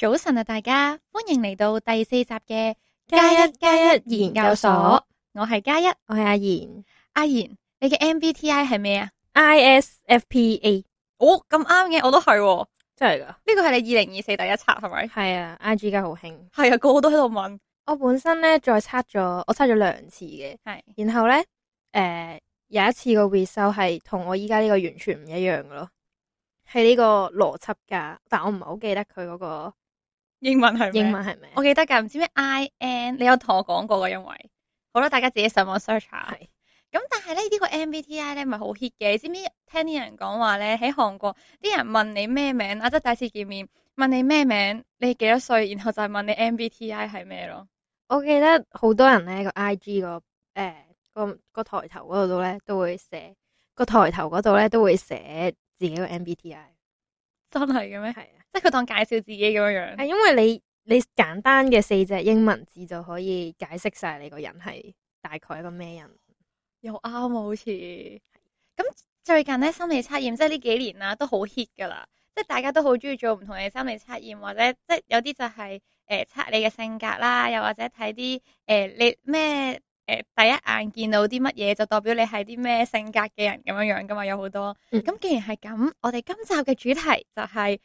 早晨啊，大家歡迎嚟到第四集嘅加一加一研究所。我係加一，我係阿妍。阿妍，你嘅 MBTI 係咩啊？ISFPA。IS 哦，咁啱嘅，我都係、哦。真係噶？呢個係你二零二四第一測係咪？係啊，IG 家好興。係啊，個個都喺度問。我本身咧再測咗，我測咗兩次嘅。係是。然後咧，誒、呃，有一次個 result 係同我依家呢個完全唔一樣嘅咯。係呢個邏輯噶，但我唔係好記得佢嗰、那個。英文係咩？英文係咩？我記得噶，唔知咩 I N，你有同我講過噶，因為好啦，大家自己上網 search 下。咁係，但係咧呢、呢個 M B T I 咧咪好 hit 嘅？知唔知？聽啲人講話咧，喺韓國啲人問你咩名，啊，即係第一次見面問你咩名，你幾多歲，然後就係問你 M B T I 係咩咯？我記得好多人咧、個 I G、個誒、呃個、個抬頭嗰度咧都會寫、個抬頭嗰度咧都會寫自己個 M B T I。真係嘅咩？係。啊。即係佢當介紹自己咁樣樣，係因為你你簡單嘅四隻英文字就可以解釋晒你個人係大概一個咩人，又啱，好似咁最近咧心理測驗即係呢幾年啦，啊，都好 hit 噶啦，即係大家都好中意做唔同嘅心理測驗，或者即係有啲就係誒測你嘅性格啦，又或者睇啲誒你咩誒，呃、第一眼見到啲乜嘢就代表你係啲咩性格嘅人咁樣樣噶嘛，有好多咁，嗯、既然係咁，我哋今集嘅主題就係，是。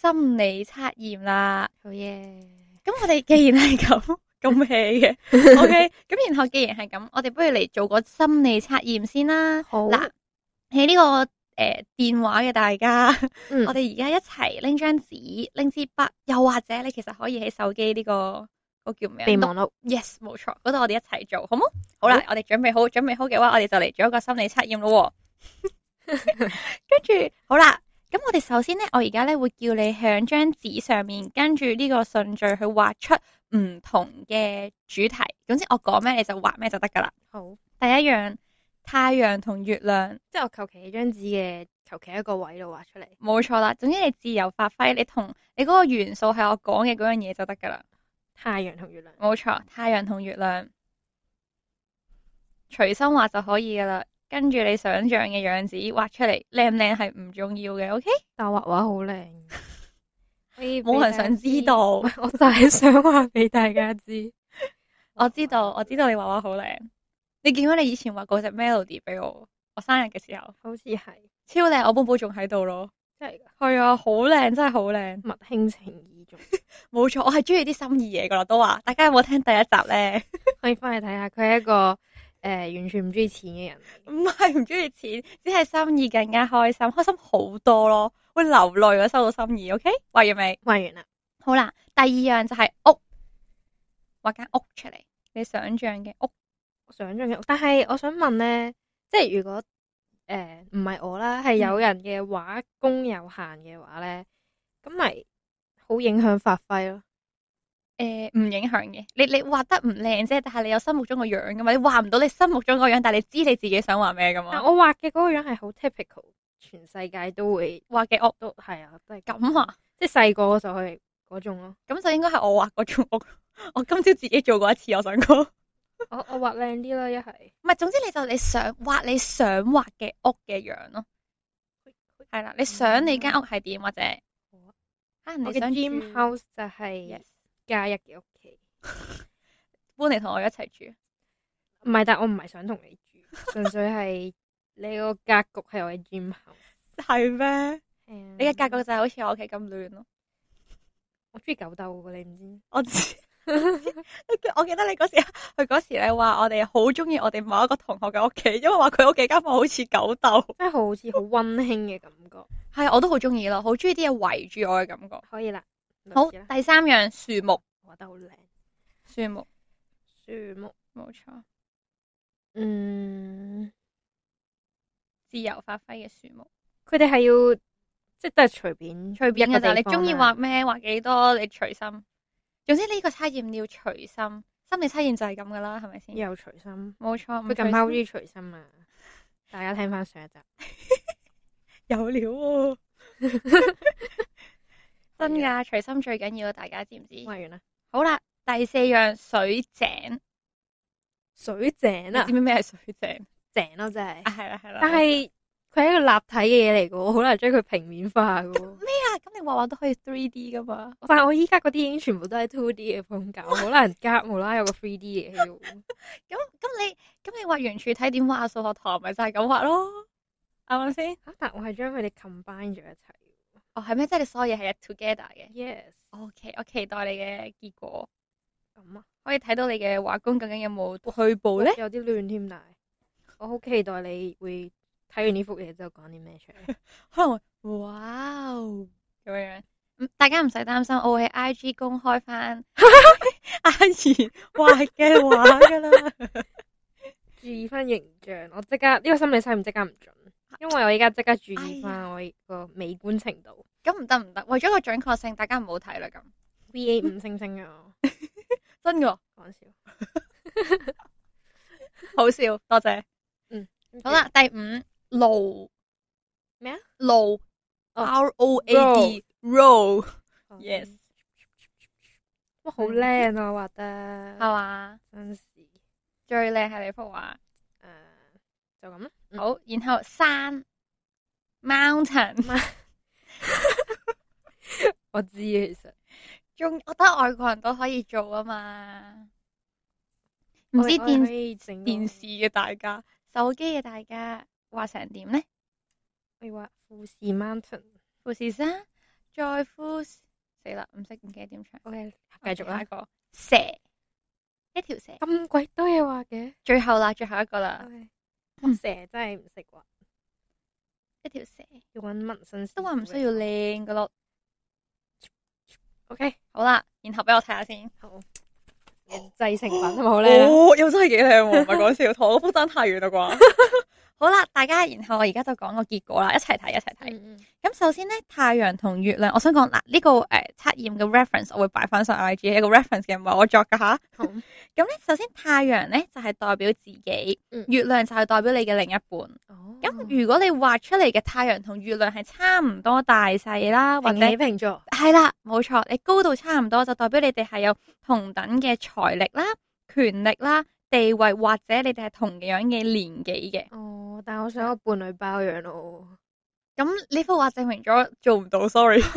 心理測驗啦，好嘢！咁我哋既然係咁咁氣嘅，OK，咁然後既然係咁，我哋不如嚟做個心理測驗先啦。好，嗱，喺呢、這個誒、呃、電話嘅大家，mm. 我哋而家一齊拎張紙、拎支筆，又或者你其實可以喺手機呢、這個，我叫咩？備忘錄，Yes，冇錯，嗰度我哋一齊做好冇？好啦，好 oh. 我哋準備好，準備好嘅話，我哋就嚟做一個心理測驗咯。跟 住好啦。咁我哋首先呢，我而家呢會叫你喺張紙上面跟住呢個順序去畫出唔同嘅主題。總之我講咩你就畫咩就得噶啦。好，第一樣太陽同月亮，即係我求其喺張紙嘅求其一個位度畫出嚟。冇錯啦，總之你自由發揮，你同你嗰個元素係我講嘅嗰樣嘢就得噶啦。太陽同月亮，冇錯，太陽同月亮，隨心畫就可以噶啦。跟住你想象，嘅樣子畫出嚟靚唔靚係唔重要嘅，OK？但畫畫好靚，你冇 以讓 人想知道，知道 我就係想話俾大家知。 我知道， 我知道你畫畫好靚。你見到你以前畫嗰隻 Melody 俾我，我生日嘅時候，好似係超靚。我本本仲喺度咯，真係係啊，好靚，真係好靚，物輕情意重，冇錯， 我係中意啲心意嘢噶啦。都話，大家有冇聽第一集咧？ 可以翻去睇下，佢係一個。誒、呃，完全唔中意錢嘅人，唔係唔中意錢，只係心意更加開心，開心好多咯，會流淚喎、啊、收到心意，OK？畫完未？畫完啦，好啦，第二樣就係屋，畫間屋出嚟，你想象嘅屋，想象嘅，屋。但係我想問咧，即係如果誒唔係我啦，係有人嘅畫工有限嘅話咧，咁咪好影響發揮咯。誒，唔影響嘅。你你畫得唔靚啫，但係你有心目中個樣噶嘛？你畫唔到你心目中個樣，但係你知你自己想畫咩噶嘛？我畫嘅嗰個樣係好 typical，全世界都會畫嘅屋，都係啊，都係咁啊。即係細個嗰時候係嗰種咯。咁就應該係我畫嗰種屋。我今朝自己做過一次，我想講。我我畫靚啲啦，一係。唔係，總之你就你想畫你想畫嘅屋嘅樣咯。係啦，你想你間屋係點或者？啊，你想。house 就係。加一嘅屋企搬嚟同我一齊住，唔係，但我唔係想同你住，純 粹係你個格局係我嘅偏好，係咩嗎？係啊，你嘅格局就好似我屋企咁亂咯。我中意狗竇嘅你唔知，我知，我知。我記得你嗰時，佢嗰時你話我哋好中意我哋某一個同學嘅屋企，因為話佢屋企間房好似狗竇，即係好似好溫馨嘅感覺。係， 我都好中意咯，好中意啲嘢圍住我嘅感覺。可以啦。好，第三樣樹木，畫得好靚。樹木，樹木，冇錯。嗯，自由發揮嘅樹木，佢哋係要，即係都係隨便，隨便，隨便嘅。你中意畫咩？畫幾多？你隨心。總之呢個測驗你要隨心，心理測驗就係咁噶啦，係咪先？有隨心，冇錯。佢咁啱好要隨心啊！大家聽翻上一集， 有料喎、啊。 真噶，隨心最緊要，大家知唔知？畫完啦，好啦，第四樣水井，水井啊！你知唔知咩係水井？井咯、啊，真係啊，係啦、啊，係啦、啊。啊、但係佢係一個立體嘅嘢嚟嘅，好難將佢平面化嘅。咩啊？咁你畫畫都可以 three D 噶嘛？ 但係我依家嗰啲已經全部都係 two D 嘅風格，好 難夾無啦有個 three D 嘅嘢。咁咁 你咁你畫圓柱體點畫？數學堂咪就係咁畫咯，啱唔啱先？但我係將佢哋 combine 咗一齊。哦，係咩？即係你所有嘢係一 together 嘅？Yes。Okay 我期待你嘅結果咁啊，oh, what? 可以睇到你嘅畫功究竟有冇退步咧、哦？有啲亂添，但係我好期待你會睇完呢幅嘢之後講啲咩出嚟。哇哦 我，咁、wow, 樣，大家唔使擔心，我會 I G 公開翻 阿姨，畫嘅畫噶啦。 注意翻形象，我即刻呢、這個心理測唔即刻唔準。因為我而家即刻注意翻我個美觀程度，咁唔得唔得，為咗個準確性，大家唔好睇啦咁。V A 五星星啊，真噶，講笑，好笑，多謝。嗯，好啦，第五路咩啊？路 R O A D Road，yes，哇，好靚啊，我覺得係嘛，真係最靚係你幅畫，誒，就咁啦。好，然後山，mountain，我知啊，其實，仲我覺得外國人都可以做啊嘛，唔知電電視嘅大家，手機嘅大家話成點咧？我可以話富士 mountain，富士山，再富士死啦，唔識唔記得點唱，OK，okay，繼續啦，一個，蛇，一條蛇，咁鬼多嘢話嘅，最後啦，最後一個啦。Okay. 嗯、蛇真係唔識畫，一條蛇要搵乜信都話唔需要靚噶咯。嗯、OK，好啦，然後俾我睇下先。好，製成品好唔好咧。哦，又真係幾靚，唔係講笑。同我幅爭，太遠啦啩。好啦，大家，然後我而家就講個結果啦，一齊睇，一齊睇。咁、嗯嗯、首先咧，太陽同月亮，我想講嗱，呢、這個誒測、呃、驗嘅 reference 我會擺翻上 IG，注意一個 reference 嘅，唔係我作噶吓。咁咧，好 首先太陽咧就係、是、代表自己，嗯、月亮就係代表你嘅另一半。哦。咁如果你畫出嚟嘅太陽同月亮係差唔多大細啦，平起平坐。或者，係啦，冇錯，你高度差唔多，就代表你哋係有同等嘅財力啦、權力啦。地位或者你哋係同樣嘅年紀嘅，哦，但係我想個伴侶包養我。咁呢、嗯、幅畫證明咗做唔到，sorry。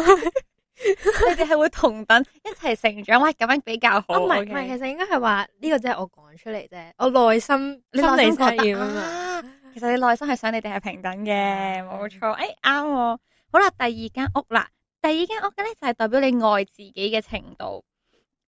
你哋係會同等一齊成長，喂咁樣比較好。唔係、哦，唔係 okay，其實應該係話呢個只係我講出嚟啫，我內心內心覺得心理需要啊，其實你內心係想你哋係平等嘅，冇錯。誒、哎、啱，好啦，第二間屋啦，第二間屋咧就係、是、代表你愛自己嘅程度。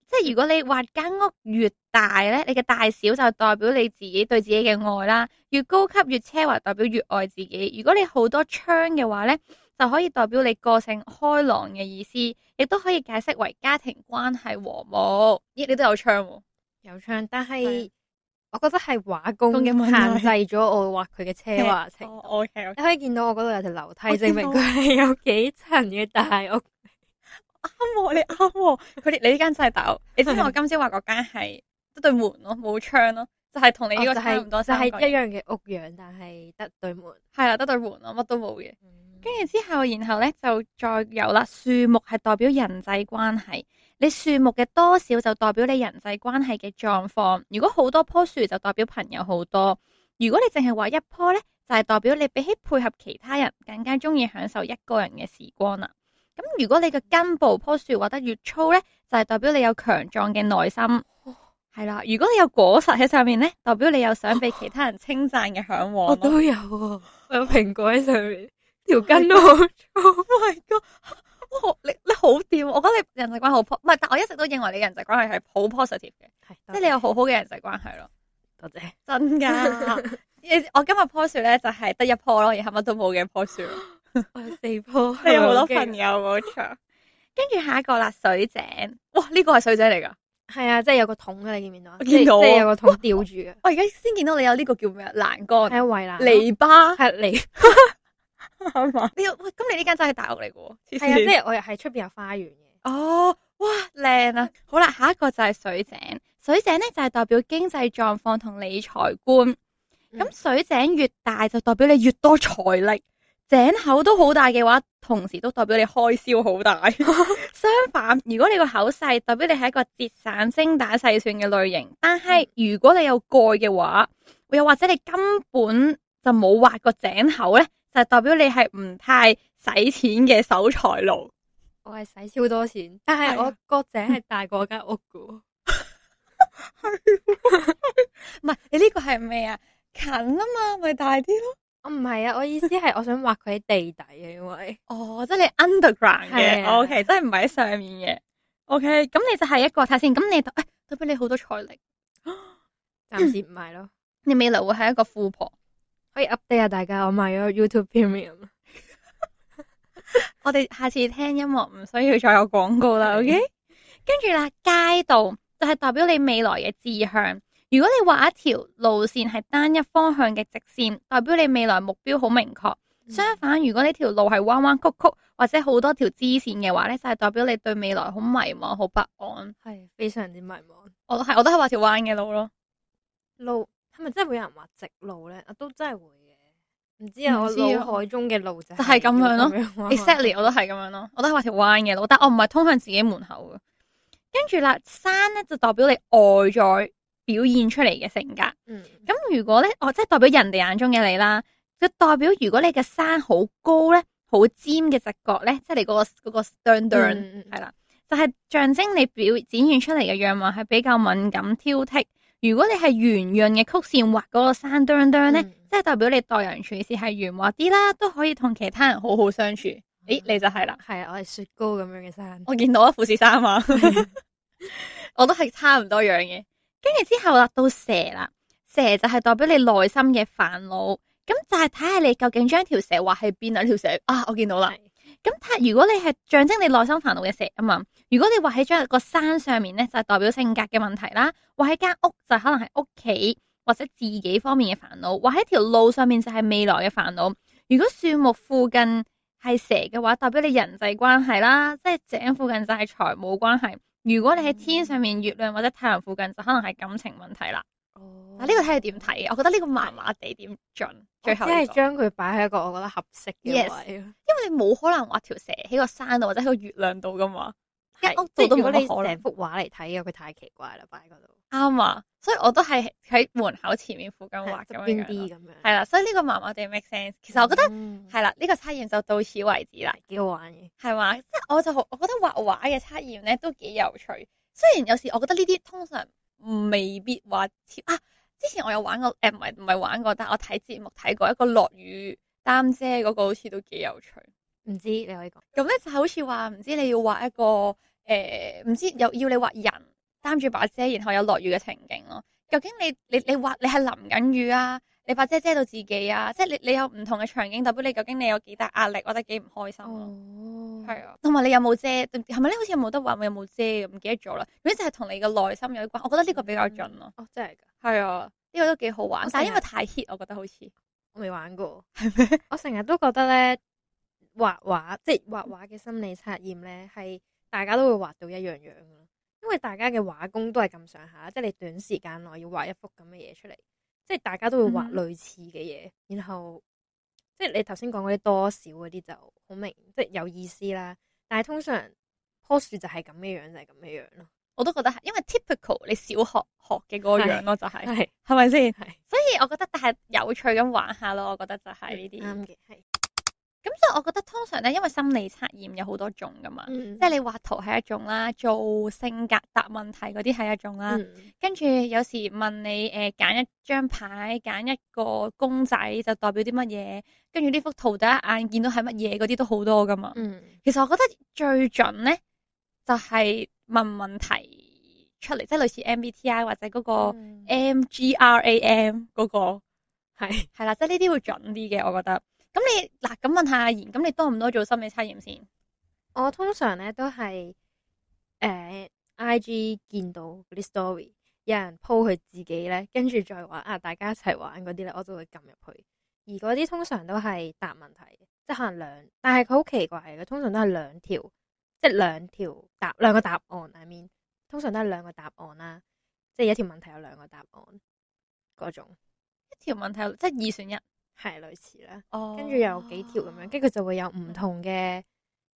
即係如果你畫間屋越大咧，你嘅大小就代表你自己對自己嘅愛啦。越高級越奢華，代表越愛自己。如果你好多窗嘅話咧，就可以代表你個性開朗嘅意思，亦都可以解釋為家庭關係和睦。咦，你都有窗喎、哦，有窗，但係我覺得係畫工，工限制咗我畫佢嘅奢華程度。 哦、okay, okay, okay. 你可以見到我嗰度有條樓梯，證 明佢係有幾層嘅大屋。 啱、啊、你啱喎、啊，佢哋你呢間真係大屋。你知我今朝話嗰間係得對門咯、啊，冇窗咯、啊，就係、是、同你呢個差唔多、哦，就係、是就是、一樣嘅屋樣，但係得對門，係啦，得對門咯、啊，乜都冇嘅。跟住、嗯、之後，然後咧就再有啦，樹木係代表人際關係，你樹木嘅多少就代表你人際關係嘅狀況。如果好多棵樹就代表朋友好多，如果你淨係畫一棵咧，就係、是、代表你比起配合其他人，更加中意享受一個人嘅時光啦、啊。咁如果你嘅根部棵樹畫得越粗咧，就係、是、代表你有強壯嘅內心，係啦、哦。如果你有果實喺上面咧，代表你有想被其他人稱讚嘅向往、哦。我都有啊、哦，我有蘋果喺上面，條、哦、根都好粗、 哦。My God，、哦、你你好掂、哦，我覺得你人際關係好 p 唔係，但我一直都認為你嘅人際關係係好 positive 嘅，即係是你有好好嘅人際關係咯。多謝，真噶。我今日棵樹咧就係、是、得一棵咯，然後乜都冇嘅棵樹。我有四棵，你有好多朋友冇錯。跟住下一個啦，水井。哇，呢個係水井嚟噶？係啊，即係有個桶嘅，你見唔見到？見到，即係有個桶吊住嘅。我而家先見到你有呢個叫咩？欄杆，係圍欄，籬笆，係籬。啱嘛？你咁你呢間真係大屋嚟嘅喎，係啊，即係我又係出邊有花園嘅。哦，哇，靚啊！好啦，下一個就係水井。水井咧就係代表經濟狀況同理財觀。咁水井越大，就代表你越多財力。井口都好大嘅話，同時都代表你開銷好大。 相反，如果你個口細，代表你係一個節省、精打細算嘅類型。但係如果你有蓋嘅話，又或者你根本就冇挖過井口咧，就代表你係唔太使錢嘅守財奴。我係使超多錢，但係我個井係大過間屋噶。係，唔係你呢個係咩啊？近啊嘛，咪、就是、大啲咯。我唔係啊，我意思係我想畫佢喺地底啊，因為哦，即係你 underground 嘅的，O Okay , K，真係唔係喺上面嘅，O K，咁你就係一個睇先，咁你誒，代、哎、表你好多財力，暫時唔係咯，嗯、你未來會係一個富婆，可以 update 下大家，我買咗 YouTube Premium， 我哋下次聽音樂唔需要再有廣告啦，O K，跟住啦，街道就係、是、代表你未來嘅志向。如果你畫一條路線係單一方向嘅直線，代表你未來目標好明確。嗯、相反，如果呢條路係彎彎曲曲或者好多條支線嘅話咧，就係、是、代表你對未來好迷茫、好不安，係非常之迷茫。我係我都係畫條彎嘅路咯，路係咪真係會有人畫直路咧？的的路啊，都真係會嘅，唔知啊。我腦海中嘅路就係咁樣咯。 Exactly，我都係咁樣咯，我都係畫條彎嘅路，但我唔係通向自己門口嘅。跟住啦，山咧就代表你外在。表現出嚟嘅性格，咁、嗯、如果咧，我即係代表人哋眼中嘅你啦，就代表如果你嘅山好高咧，好尖嘅直角咧，即係你嗰、嗰個嗰、嗰個山墩係啦，就係、係、象徵你表展現出嚟嘅樣貌係比較敏感挑剔。如果你係圓潤嘅曲線畫嗰個山墩墩咧，嗯、即係代表你待人處事係圓滑啲啦，都可以同其他人好好相處。誒，嗯、你就係啦，係啊，我係雪糕咁樣嘅山，我見到啊，富士山啊，我都係差唔多樣嘅。跟住之後啦，到蛇啦，蛇就係代表你內心嘅煩惱，咁就係睇下你究竟將條蛇畫喺邊啊？條蛇啊，我見到啦。咁睇是如果你係象徵你內心煩惱嘅蛇啊嘛，如果你畫喺將一個山上面咧，就係代表性格嘅問題啦；畫喺間屋就可能係屋企或者自己方面嘅煩惱；畫喺條路上面就係未來嘅煩惱。如果樹木附近係蛇嘅話，代表你人際關係啦；即係井附近就係財務關係。如果你喺天上面月亮或者太陽附近，就可能係感情問題啦。哦，但呢、啊呢個睇係點睇嘅？我覺得呢個麻麻地點準？是最後即係將佢擺喺一個我覺得合適嘅位。y、yes、因為你冇可能畫條蛇喺個山度或者喺個月亮度噶嘛。即係如果你成幅畫嚟睇嘅，佢太奇怪啦，擺喺嗰度。啱啊，所以我都係喺門口前面附近畫咁樣。邊啲咁樣？係啦、嗯，所以呢個麻麻地 make sense。其實我覺得係啦，呢、嗯這個測驗就到此為止啦。幾好玩嘅，係嘛？即係我就我覺得畫畫嘅測驗咧都幾有趣。雖然有時我覺得呢啲通常未必話啊。之前我有玩過，誒唔係唔係玩過，但係我睇節目睇過一個落雨擔遮嗰個，好似都幾有趣。唔知你可以講？咁咧就好似話唔知你要畫一個。誒，唔、欸、知有要你畫人擔住把遮，然後有落雨嘅情景咯。究竟你你你畫你係淋緊雨啊？你把遮遮到自己啊？即係你你有唔同嘅場景，代表你究竟你有幾大壓力，或者幾唔開心咯？係啊，同埋、哦啊、你有冇遮？係咪咧？好似有冇得話有冇遮？唔記得咗啦。如果就係同你嘅內心有啲關。我覺得呢個比較準咯、啊嗯。哦，真係㗎。係啊，呢、這個都幾好玩。但係因為太 hit，我覺得好似我未玩過，係咩嗎？我成日都覺得咧，畫畫即係畫畫嘅心理測驗咧，係。大家都會畫到一樣樣嘅，因為大家嘅畫工都係咁上下，即係你短時間內要畫一幅咁嘅嘢出嚟，即係大家都會畫類似嘅嘢。嗯、然後即係你頭先講嗰啲多少嗰啲就好明，即係有意思啦。但係通常棵樹就係咁嘅樣，就係咁嘅樣咯。我都覺得係，因為 typical 你小學學嘅嗰樣咯、就是，就係係咪先？係，所以我覺得但係有趣咁玩下咯，我覺得就係呢啲啱嘅，係。我覺得通常咧，因為心理測驗有好多種噶嘛，嗯、即係你畫圖係一種啦，做性格答問題嗰啲係一種啦，跟住、嗯、有時問你誒揀、呃、一張牌，揀一個公仔就代表啲乜嘢，跟住呢幅圖第一眼見到係乜嘢嗰啲都好多噶嘛。嗯、其實我覺得最準咧就係、係、問問題出嚟，即係類似 MBTI 或者嗰個 MGRAM 嗰、嗰個係係啦，即係呢啲會準啲嘅，我覺得。咁你嗱咁問下阿賢，咁你多唔多做心理測驗先？我通常咧都係誒、呃、，IG 見到啲 story，有人 po 佢自己咧，跟住再玩啊，大家一齊玩啲咧，我都會撳入去。而啲通常都係答問題，即係可能兩，但係佢好奇怪嘅，通常都係兩條，即係兩條答兩個答案裏面，I mean, 通常都係兩個答案啦，即係一條問題有兩個答案嗰種，一條問題即係二選一。係類似啦，跟住又有幾條咁樣，跟住佢就會有唔同嘅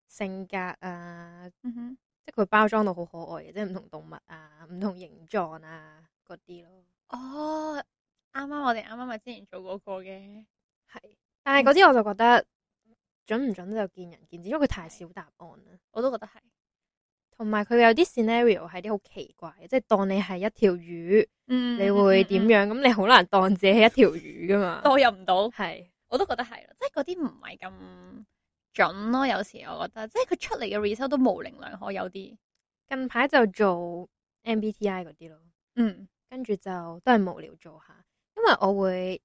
性格啊，mm hmm. 即係佢包裝到好可愛嘅，即係唔同動物啊，唔同形狀啊嗰啲咯。哦，啱啱我哋啱啱咪之前做嗰個嘅，係，但係嗰啲我就覺得準唔準就見仁見智，因為佢太少答案啦，我都覺得係。同埋佢有啲 scenario 係啲好奇怪嘅，即係當你係一條魚，嗯、你會點樣？咁、嗯、你好難當自己係一條魚噶嘛，代入唔到。係是，我都覺得係啦，即係嗰啲唔係咁準咯。有時我覺得，即係佢出嚟嘅 result 都模棱兩可，有啲近排就做 MBTI 嗰啲咯。嗯，跟住就都係無聊做下，因為我會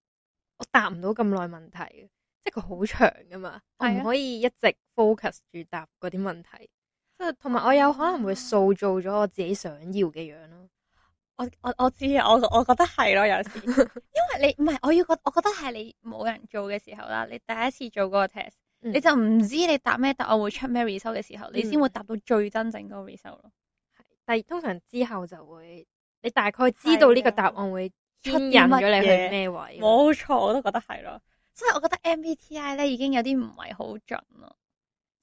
我答唔到咁耐問題，即係佢好長噶嘛，啊、我唔可以一直 focus 住答嗰啲問題。即係同埋，有我有可能會塑造咗我自己想要嘅樣咯。 我我我知，我我覺得係咯，有時 因為你唔係，我要我我覺得係你冇人做嘅時候啦，你第一次做嗰個 test，、嗯、你就唔知你答咩答案會出咩 result 嘅時候，嗯、你先會答到最真正個 result 咯，係但係通常之後就會，你大概知道呢個答案會吸引咗你去咩位？冇錯，我都覺得係咯。所以我覺得 MBTI 咧已經有啲唔係好準咯。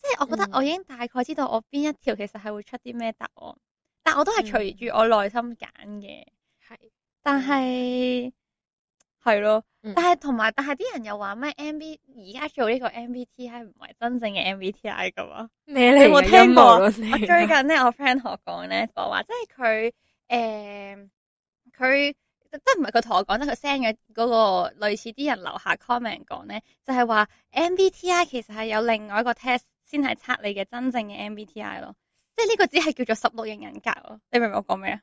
即係我覺得我已經大概知道我邊一條其實係會出啲咩答案，但我都係隨住我內心揀嘅，係。但係係咯，但係同埋，但係啲人又話咩 MB 而家做呢個 MBTI 唔係真正嘅 MBTI 噶嘛？你有冇聽過，聽過我最近咧 我 friend 同我講咧我話，即係佢誒，佢即係唔係佢同我講，即係佢 send 咗嗰個類似啲人留下 comment 講咧，就係話 MBTI 其實係有另外一個 test。先係測你嘅真正嘅 MBTI 咯，即係呢個只係叫做十六型人格咯，你明唔明我講咩啊？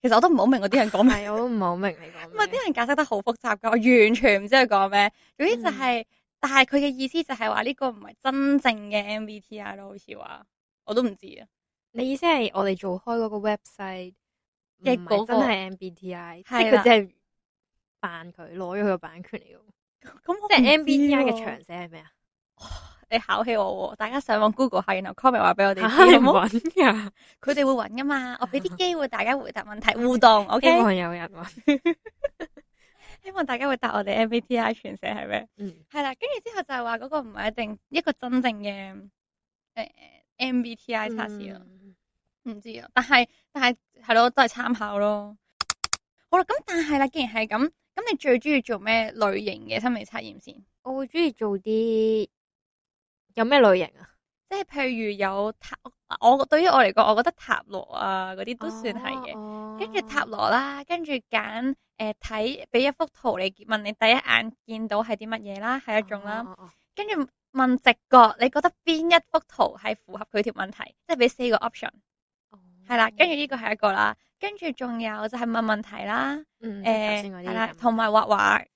其實我都唔好明嗰啲人講咩，我都唔好明你講咩，唔係，啲人解釋得好複雜噶，我完全唔知佢講咩。總之、嗯、就係、是，但係佢嘅意思就係話呢個唔係真正嘅 MBTI 咯，好似話，我都唔知啊。你意思係我哋做開嗰個 website 亦都真係 MBTI，即係佢只係扮佢，攞咗佢嘅版權嚟噶，即係 MBTI 嘅長者係咩啊？ 你考起我、哦，大家上網 Google 下，然後 comment 話俾我哋知。搵噶、啊，佢哋會搵噶嘛？ 我俾啲機會大家回答問題 互動，O K。Okay？有人問， 希望大家會答我哋 M B T I 全寫係咩？嗯，係啦，跟住之後就係話嗰個唔係一定一個真正嘅誒 M B T I 測試咯，唔、呃嗯、知啊，但係但係係咯，都係參考咯。好啦，咁但係啦，既然係咁，咁你最中意做咩類型嘅心理測驗先？我會中意做啲。有咩類型啊？即係譬如有塔，我對於我嚟講，我覺得塔羅啊嗰啲都算係嘅。哦哦、跟住塔羅啦，跟住揀誒睇，俾、呃、一幅圖嚟問你第一眼見到係啲乜嘢啦，係一種啦。哦哦哦、跟住問直覺，你覺得邊一幅圖係符合佢條問題？即係俾四個 option。哦。係啦，跟住呢個係一個啦，跟住仲有就係問問題啦。嗯。誒、呃，係啦，同埋、嗯、畫畫。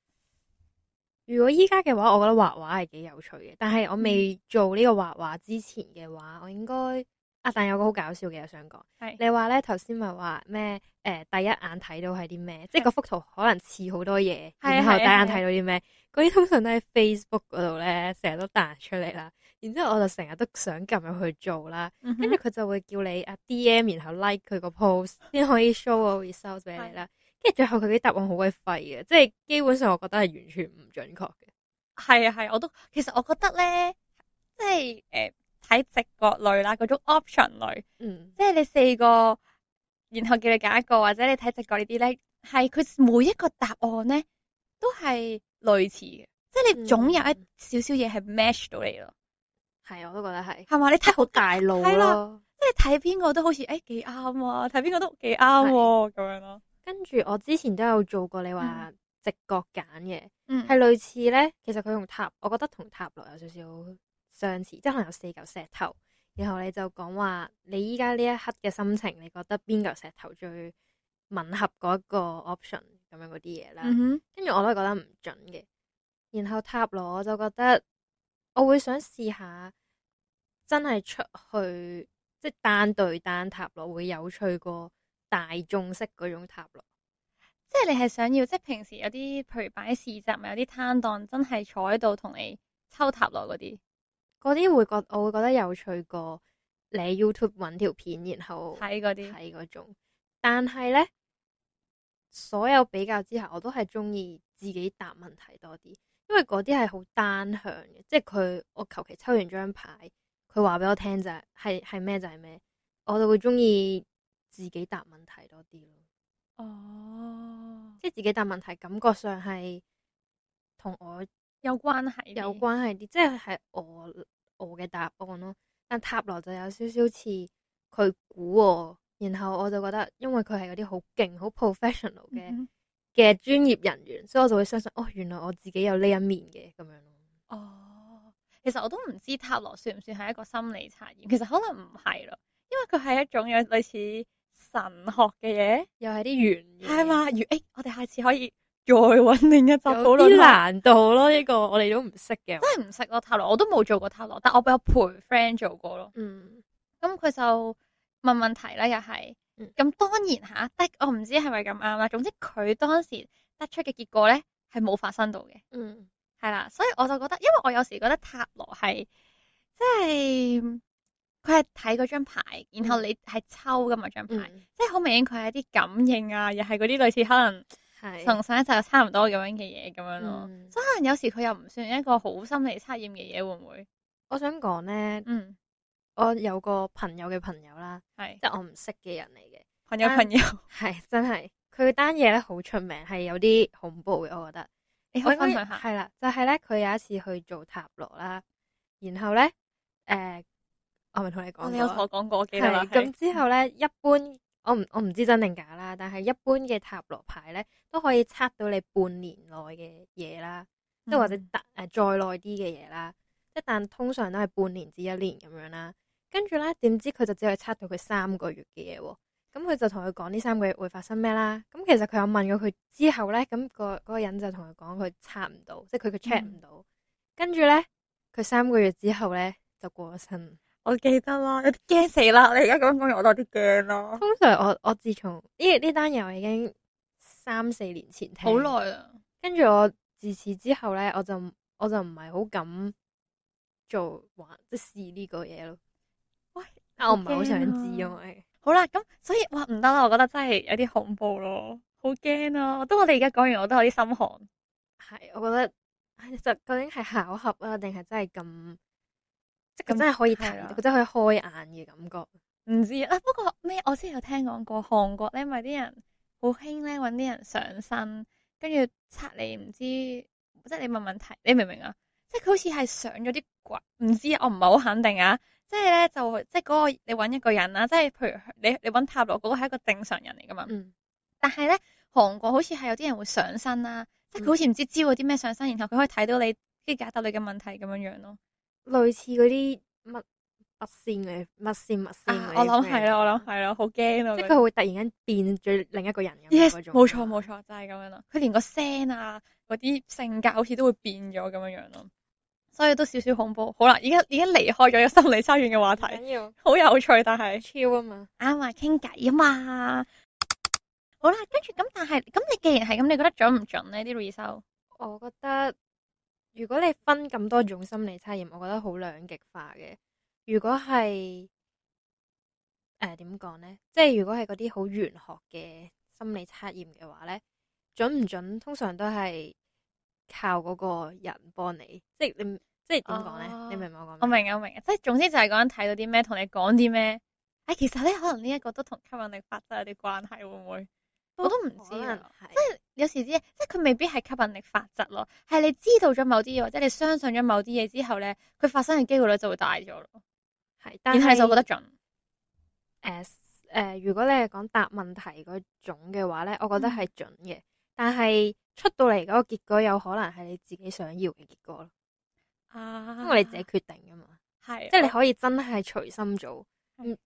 如果依家嘅話，我覺得畫畫係幾有趣嘅。但係我未做呢個畫畫之前嘅話，我應該啊，但有個好搞笑嘅我想講。係是你話咧，頭先咪話咩？誒、呃，第一眼睇到係啲咩？是即係個幅圖可能似好多嘢，是然後第一眼睇到啲咩？嗰啲通常都喺 Facebook 嗰度咧，成日都彈出嚟啦。然之後我就成日都想撳入去做啦。跟住佢就會叫你啊 DM，然後 like 佢個 post 先可以 show 個 result 俾你啦。跟住最後佢啲答案好鬼廢嘅，即係基本上我覺得係完全唔準確嘅。係啊係，我都其實我覺得咧，即係誒睇直覺類啦，嗰種 option 類，嗯，即係你四個，然後叫你揀一個或者你睇直覺呢啲咧，係佢每一個答案咧都係類似嘅，嗯、即係你總有一少少嘢係 match 到你咯。係、嗯，我都覺得係。係嘛？你睇好大路，係咯，即係睇邊個都好似誒幾啱啊，睇邊個都幾啱咁樣咯。跟住我之前都有做過你話直覺揀嘅，係、嗯、類似咧。其實佢用塔，我覺得同塔羅有少少相似，即係可能有四舊石頭，然後你就講話你依家呢一刻嘅心情，你覺得邊嚿石頭最吻合嗰個 option 咁樣嗰啲嘢啦。嗯、哼跟住我都係覺得唔準嘅。然後塔羅我就覺得，我會想試下，真係出去即係單對單塔羅會有趣過。大眾式嗰種塔羅，即係你係想要即係平時有啲，譬如擺喺市集，咪有啲攤檔，真係坐喺度同你抽塔羅嗰啲，嗰啲會覺我會覺得有趣過你 YouTube 搵條片然後睇嗰啲睇嗰種，但係咧所有比較之下，我都係中意自己答問題多啲，因為嗰啲係好單向嘅，即係佢我求其抽完張牌，佢話俾我聽就係係咩就係咩，我就會中意。自己答問題多啲咯，哦，oh。即係自己答問題，感覺上係同我有關係，有關係啲，即係係我我嘅答案咯。但塔羅就有少少似佢估我，然後我就覺得，因為佢係嗰啲好勁、好 professional 嘅嘅、mm hmm。專業人員，所以我就會相信，哦，原來我自己有呢一面嘅咁樣咯。哦，oh。其實我都唔知塔羅算唔算係一個心理測驗，其實可能唔係咯，因為佢係一種有類似。神學嘅嘢，又係啲語言。係啊，如、欸、我哋下次可以再搵另一集討論。有啲難度咯，呢 個我哋都唔識嘅。真係唔識咯，塔羅我都冇做過塔羅，但我有陪 friend 做過咯。嗯，咁佢就問問題啦，又係，咁、嗯、當然吓，得我唔知係咪咁啱啦。總之佢當時得出嘅結果咧，係冇發生到嘅。嗯，係啦，所以我就覺得，因為我有時覺得塔羅係即係。就是佢係睇嗰張牌，然後你係抽噶嘛？張牌、嗯，即係好明顯佢係一啲感應啊，又係嗰啲類似可能同上一集差唔多咁樣嘅嘢咁樣咯。即、嗯、可能有時佢又唔算一個好心理測驗嘅嘢，會唔會？我想講咧，嗯，我有個朋友嘅朋友啦，係是即係我唔識嘅人嚟嘅朋友朋友但，係 真係佢單嘢咧好出名，係有啲恐怖嘅，我覺得。你可以分享下係啦，就係咧佢有一次去做塔羅啦，然後咧誒。呃 我咪同你講、嗯，你有同我講過幾耐。咁之後咧，一般我唔我唔知真定假啦，但係一般嘅塔羅牌咧都可以測到你半年內嘅嘢啦，即係、嗯、或者誒、呃、再耐啲嘅嘢啦。即係但通常都係半年至一年咁樣啦。跟住咧，點知佢就只係測到佢三個月嘅嘢喎。咁佢就同佢講呢三個月會發生咩啦？咁其實佢有問過佢之後咧，咁、嗰個嗰、嗰個人就同佢講佢測唔到，即係佢佢 check 唔到。跟住咧，佢三個月之後咧就過咗身。我記得啦，有啲驚死啦！你而家講講完，我都有啲驚咯。通常我我自從呢呢單嘢，已經三四年前聽，好耐啦。跟住我自此之後咧，我就我就唔係好敢做玩即係試呢個嘢咯。喂，但、啊、我唔係好想知，因為好啦，咁所以哇唔得啦，我覺得真係有啲恐怖咯，好驚啊！都我哋而家講完，我都有啲心寒。係，我覺得其實究竟係巧合啊，定係真係咁？即係真係可以睇，佢的真係開眼嘅感覺。唔知啊，不過咩？我先前有聽講過韓國咧，因為啲人好興咧，搵啲人上身，跟住測你唔知，即係你問問題，你明唔明啊？即係佢好似係上咗啲鬼，唔知我唔係好肯定啊。即係咧，就即係嗰個你搵一個人啦，啊，即係譬如你你搵塔羅嗰，那個係一個正常人嚟噶嘛。嗯、但係咧，韓國好似係有啲人會上身啦，啊，即係佢好似唔知招啲咩上身，嗯、然後佢可以睇到你，即係解答你嘅問題咁樣樣咯。類似嗰啲乜不仙嘅乜仙乜仙，我諗係咯，我諗係咯，好驚，即係佢會突然間變咗另一個人咁樣。冇錯冇錯，就係、是、咁樣啦。佢連個聲啊，嗰啲性格好似都會變咗咁樣樣咯，所以都少少恐怖。好啦，而家而家離開咗有心理差遠嘅話題，好、啊、有趣，但係超啊嘛，啱呀傾偈啊嘛。好啦，跟住咁，但係咁你既然係咁，你覺得準唔準呢啲 result，我覺得。如果你分咁多種心理測驗，我覺得好兩極化嘅。如果係誒點講咧，即係如果係嗰啲好玄學嘅心理測驗嘅話咧，準唔準？通常都係靠嗰個人幫你，你，即係你即係點講咧？啊、你明唔明我講咩？我明，我明。即係總之就係講睇到啲咩，同你講啲咩。誒、哎，其實咧，可能呢一個都同吸引力法則有啲關係會唔會？我都唔知啊，係。有時知，即係佢未必係吸引力法則咯，係你知道咗某啲嘢，或者你相信咗某啲嘢之後咧，佢發生嘅機會率就會大咗咯。係，但係就覺得準。誒誒、啊，如果你係講答問題嗰種嘅話咧，我覺得係準嘅。嗯、但係出到嚟嗰個結果有可能係你自己想要嘅結果咯。啊，因為你自己決定噶嘛，係的，即係你可以真係隨心做，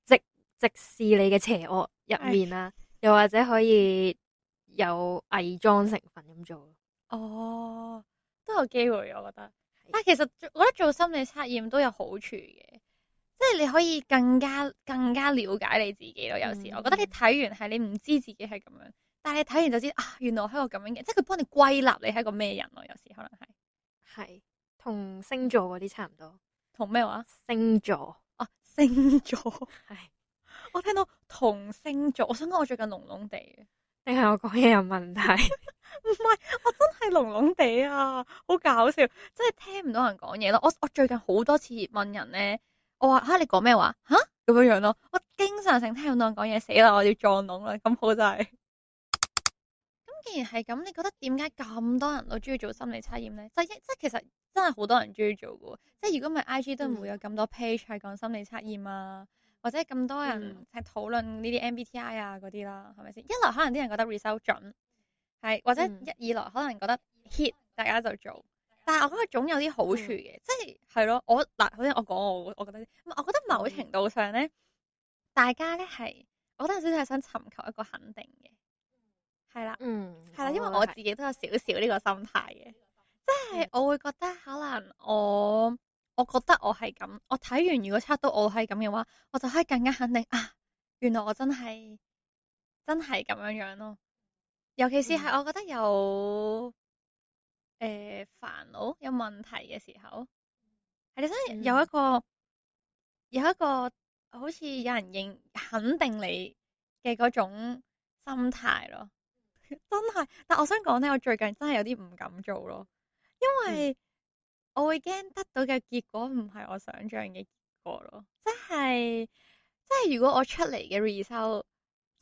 直直視你嘅邪惡入面啊，唉又或者可以。有偽裝成分咁做哦，都有機會，我覺得。是但其實我覺得做心理測驗都有好處嘅，即係你可以更加更加了解你自己咯。有時，嗯，我覺得你睇完係你唔知自己係咁樣，但係你睇完就知啊，原來我係個咁樣嘅，即係佢幫你歸納你係個咩人咯。有時可能係，係同星座嗰啲差唔多，同咩話？星座哦，星座係， 我聽到同星座，我想講我最近龍龍地。你係我講嘢有問題？唔 係， 我真係聾聾地啊，好搞笑，真係聽唔到人講嘢咯。我我最近好多次問人咧，我話，吓，你講咩話？吓，咁樣樣咯，我經常性聽到人講嘢，死啦，我要撞聾啦，咁好就係、是。咁 既然係咁，你覺得點解咁多人都中意做心理測驗咧？即係即係其實真係好多人中意做嘅，即係如果唔係 I G 都唔會有咁多 page 係講心理測驗啊。嗯.或者咁多人係討論呢啲 MBTI 啊嗰啲啦，係咪先？一來可能啲人覺得 result 準，係或者一、嗯、二來可能覺得 hit，大家就做。但係我覺得總有啲好處嘅，即係係咯，我嗱，好似我講我，我，我覺得，我覺得某程度上咧，嗯、大家咧係，我都有少少係想尋求一個肯定嘅，係啦，嗯，係啦了，嗯、因為我自己都有少少呢個心態嘅，即係、嗯、我會覺得可能我。我覺得我係咁，我睇完如果測到我係咁嘅話，我就可以更加肯定啊，原來我真係真係咁樣樣咯。尤其是係我覺得有誒煩惱、有問題嘅時候，係你真有一個有一個好似有人認肯定你嘅嗰種心態咯， 真係。但我想講咧，我最近真係有啲唔敢做咯，因為。嗯我會驚得到嘅結果唔係我想象嘅結果咯，即係即係如果我出嚟嘅 result，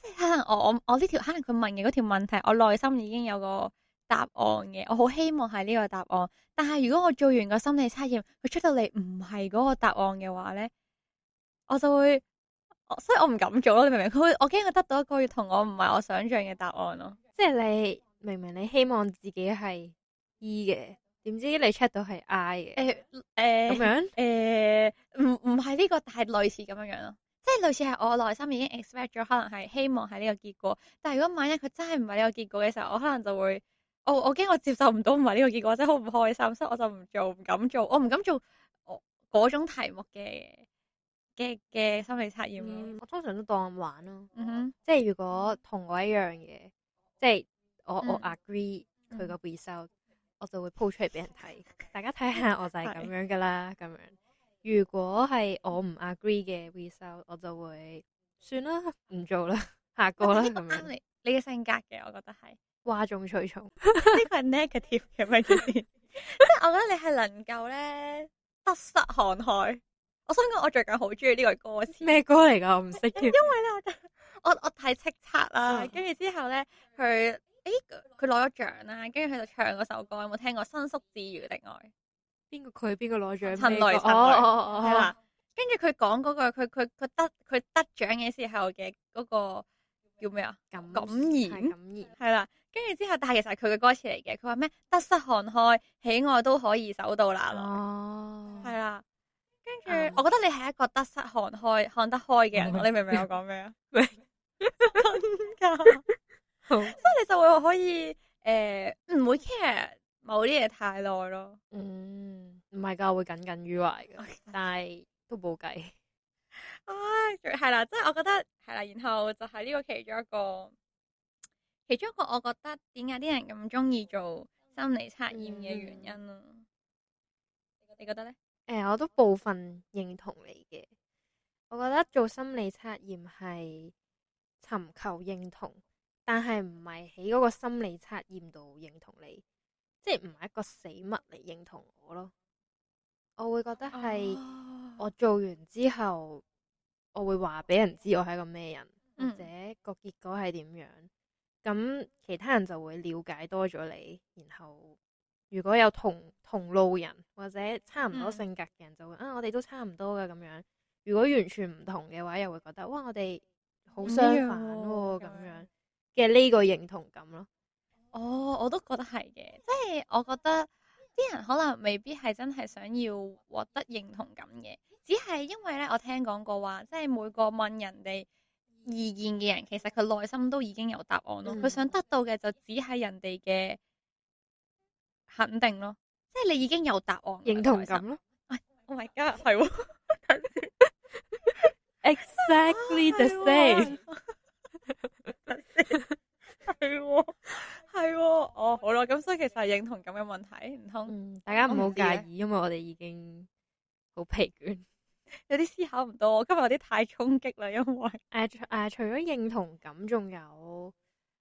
即係可能我我我呢條可能佢問嘅嗰條問題，我內心已經有個答案嘅，我好希望係呢個答案。但係如果我做完個心理測驗，佢出到嚟唔係嗰個答案嘅話咧，我就會，所以我唔敢做咯。你明唔明？我我驚佢得到一個，要同我唔係我想象嘅答案咯。即係你明明你希望自己係醫嘅。點知你 check 到係 I 嘅？誒誒、欸，咁樣誒，唔唔係呢個，但係類似咁樣樣咯，即係類似係我內心已經 expect 咗，可能係希望係呢個結果。但係如果萬一佢真係唔係呢個結果嘅時候，我可能就會，oh, 我我驚我接受唔到唔係呢個結果，真係好唔開心，所以我就唔做，唔敢做，我唔敢做嗰種題目嘅嘅嘅心理測驗，嗯。我通常都當玩咯。嗯、哼，即係如果同我一樣嘅，即係我我，我 agree 佢個 result 我就會鋪出嚟俾人睇，大家睇下我就係咁樣噶啦，咁樣。如果係我唔 agree 嘅 result，我就會算啦，唔做啦，下個啦咁樣。你，你嘅性格嘅，我覺得係嘩眾取寵，呢個係 negative 嘅，唔係先。即係我覺得你係能夠咧不失航海。我想講我最近好中意呢個歌詞，咩歌嚟噶？我唔識叫。因為咧，我我睇叱咤啦，跟住、嗯、之後咧佢。誒，佢攞咗獎啦，跟住喺度唱嗰首歌，有冇聽過《伸縮自如的愛》？邊個佢？邊個攞獎？陳雷哦，哦，哦，係啦。跟住佢講嗰句，佢佢佢得佢得獎嘅時候嘅嗰、嗰個叫咩啊？敢感言，感言係啦。跟住之後，但係其實係佢嘅歌詞嚟嘅。佢話咩？得失看開，喜愛都可以守到哪落。係啦、oh.。跟住，um, 我覺得你係一個得失看開、看得開嘅人。Um. 你明唔明我講咩啊？明 好 所以你就會可以誒，唔、呃、會 care 某啲嘢太耐咯。嗯，唔係噶，我會耿耿於懷噶，Okay. 但係都冇計。唉、 啊，係啦，即係、就是、我覺得係啦，然後就係呢個其中一個，其中一個，我覺得點解啲人咁中意做心理測驗嘅原因咯？嗯、你覺得咧？誒、呃，我都部分認同你嘅。我覺得做心理測驗係尋求認同。但係唔係喺嗰個心理測驗度認同你，即係唔係一個死物嚟認同我咯。我會覺得係、oh. 我做完之後，我會話俾人知我係一個咩人，或者個結果係點樣。咁、mm. 其他人就會了解多咗你。然後如果有同同路人或者差唔多性格嘅人，mm. 就會啊，我哋都差唔多噶咁樣。如果完全唔同嘅話，又會覺得哇，我哋好相反咯咁樣。嘅呢個認同感咯，哦，oh, 我都覺得係嘅，即係我覺得啲人可能未必係真係想要獲得認同感嘅，只係因為咧，我聽講過話，即係每個問人哋意見嘅人，其實佢內心都已經有答案咯，佢、嗯、想得到嘅就只係人哋嘅肯定咯，即係你已經有答案認同感咯，喂，Oh my god，係喎 ，Exactly the same。 係係 哦，哦，哦，好啦。咁所以其實認同感嘅問題唔通、嗯，大家唔好介意，因為我哋已經好疲倦，有啲思考唔到我。我今日有啲太衝擊啦，因為誒誒、啊，除咗、啊、認同感，仲有，